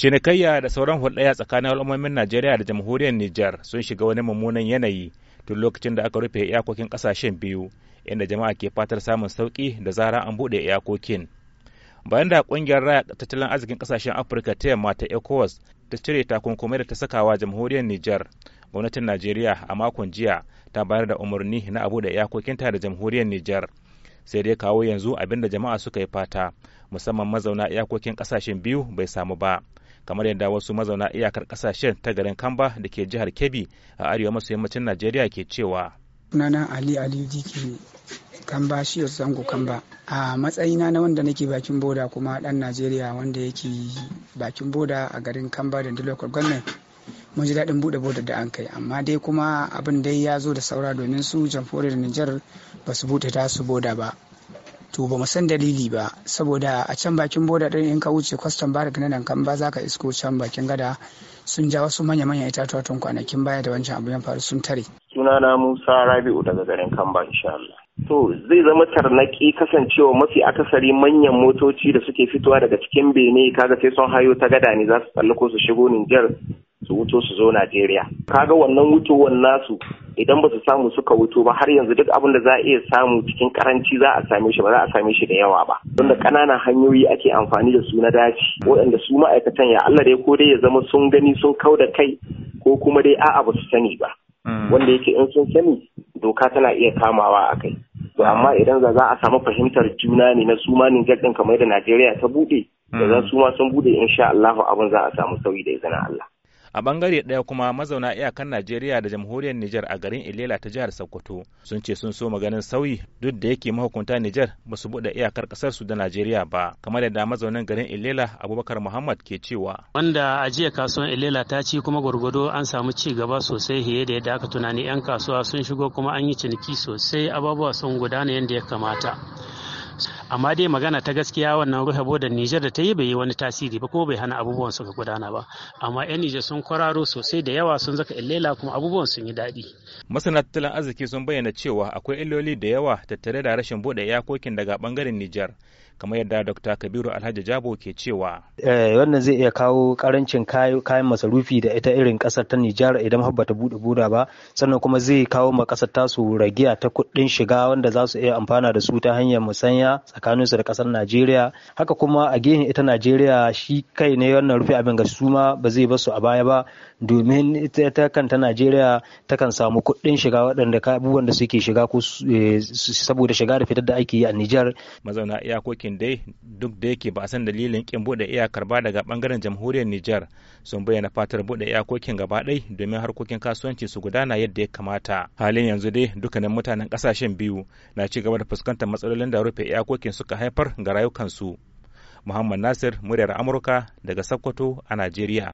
cinikayya da sauran hulɗaya tsakanin al'ummomin najeriya da jamhuriyar nijar sun shiga wani mummunan yanayi tun lokacin da aka rufe iyakokin ƙasashen biyu inda jama'a ke fatar samun sauƙi da zara an buɗe iyakokin bayan da ƙungiyar raya tattalin arzikin ƙasashen afirka ta yamma ta ecowas ta cire takunkumai da ta sakawa jamhuriyar nijar gwamnatin najeriya a makon jiya ta bayar da umarni na abu da ta da jamhuriyar nijar sai dai kawo yanzu abinda jama'a suka yi fata musamman mazauna iyakokin ƙasashen biyu bai samu ba kamar yadda wasu mazauna iyakar kasashen ta garin kamba da ke jihar kebbi a arewa maso yammacin najeriya ke cewa sunana ali aliyu kamba shi zango kamba a matsayina na wanda nake bakin boda kuma dan najeriya wanda yake bakin boda a garin kamba da dilokar gwamnati mun ji daɗin buɗe bodar da an kai amma dai kuma abin dai ya zo da saura domin su da nijar ba su ta su boda ba to ba mu san dalili ba saboda a can bakin boda din in ka wuce kwastam barik na nan kan ba za ka isko can bakin gada sun ja wasu manya-manyan itatuwa tun kwanakin baya da wancan abu ya faru sun tare. sunana musa rabi'u daga garin kamba insha Allah. to zai zama tarnaki kasancewa mafi akasari manyan motoci da suke fitowa daga cikin bene kaga sai sun hayo ta gada ne za su tsallako su shigo Nijar su wuto su zo Najeriya. Kaga wannan wutowar nasu idan ba su samu suka wuto ba har yanzu duk abin da za a iya samu cikin karanci za a same shi ba za a same shi da yawa ba don da ƙananan hanyoyi ake amfani da su na daci waɗanda su ma'aikatan ya Allah dai ko dai ya zama sun gani sun kau da kai ko kuma dai a'a ba su sani ba mm. wanda yake in sun sani doka tana iya kamawa a kai to amma idan za a samu fahimtar juna ne na su ma kamar da Najeriya ta buɗe da za mm. su ma sun buɗe insha Allah abin za a samu sauyi da izinin Allah a bangare ɗaya kuma mazauna iyakan najeriya da jamhuriyar niger a garin ilela ta jihar sokoto sun ce sun so maganin sauyi duk da yake mahukunta niger ba su buɗe iyakar ƙasar su da najeriya ba kamar yadda mazaunan garin ilela abubakar muhammad ke cewa wanda a jiya kasuwan ilela ta ci kuma gwargwado an samu ci gaba sosai fiye da yadda aka tunani 'yan kasuwa sun shigo kuma an yi ciniki sosai ababuwa sun gudana yadda ya kamata amma dai magana ta gaskiya wannan ruha da Nijar da ta yi bai yi wani tasiri ba ko bai hana abubuwan suka gudana ba amma yan Nijar sun kwararo sosai da yawa sun zaka illela kuma abubuwan sun yi daɗi. Masana tattalin arziki sun bayyana cewa akwai illoli da yawa tattare da rashin bude iyakokin daga bangaren Nijar kamar yadda Dr. Kabiru Alhaji Jabo ke cewa. Eh, wannan zai iya kawo karancin kayan masarufi da ita irin kasar ta Nijar idan har bata bude boda ba sannan kuma zai kawo ma kasar tasu ragiya ta kuɗin shiga wanda za su iya amfana da su ta hanyar musanya tsakanin su da kasar Najeriya haka kuma a gehen ita Najeriya shi kai ne wannan rufe abin ga su ma ba zai basu a baya ba domin ita ta kanta Najeriya kan samu kuɗin shiga waɗanda abubuwan da suke shiga ko eh, saboda shiga da fitar da ake yi a Nijar. Mazauna iyakokin dai duk da yake ba a san dalilin kin buɗe iyakar ba daga bangaren jamhuriyar Nijar sun bayyana fatar buɗe iyakokin gaba ɗai domin harkokin kasuwanci su gudana yadda ya kamata. Halin yanzu dai dukkanin mutanen ƙasashen biyu na ci gaba da fuskantar matsalolin da rufe iyakokin yakin suka haifar ga rayukansu. Muhammad Nasir, muryar Amurka daga Sokoto a Najeriya.